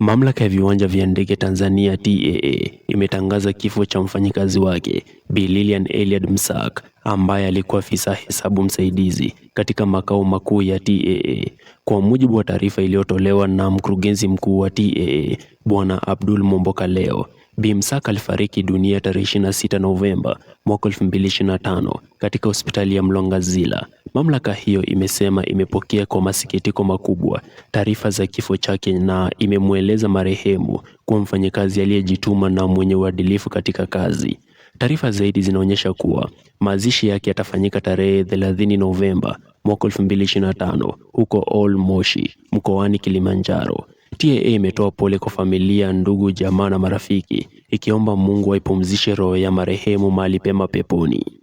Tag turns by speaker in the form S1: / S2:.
S1: Mamlaka ya Viwanja vya Ndege Tanzania TAA imetangaza kifo cha mfanyikazi wake Bi Lilian Eliad Msak ambaye alikuwa afisa hesabu msaidizi katika makao makuu ya TAA. Kwa mujibu wa taarifa iliyotolewa na mkurugenzi mkuu wa TAA Bwana Abdul Momboka leo, Bi msak alifariki dunia tarehe 26 Novemba mwaka 2025 katika hospitali ya zila Mamlaka hiyo imesema imepokea kwa masikitiko makubwa taarifa za kifo chake na imemweleza marehemu kuwa mfanyakazi aliyejituma na mwenye uadilifu katika kazi. Taarifa zaidi zinaonyesha kuwa mazishi yake yatafanyika tarehe 30 Novemba mwaka 2025 huko Old Moshi mkoani Kilimanjaro. TAA imetoa pole kwa familia, ndugu, jamaa na marafiki ikiomba Mungu aipumzishe roho ya
S2: marehemu mahali pema peponi.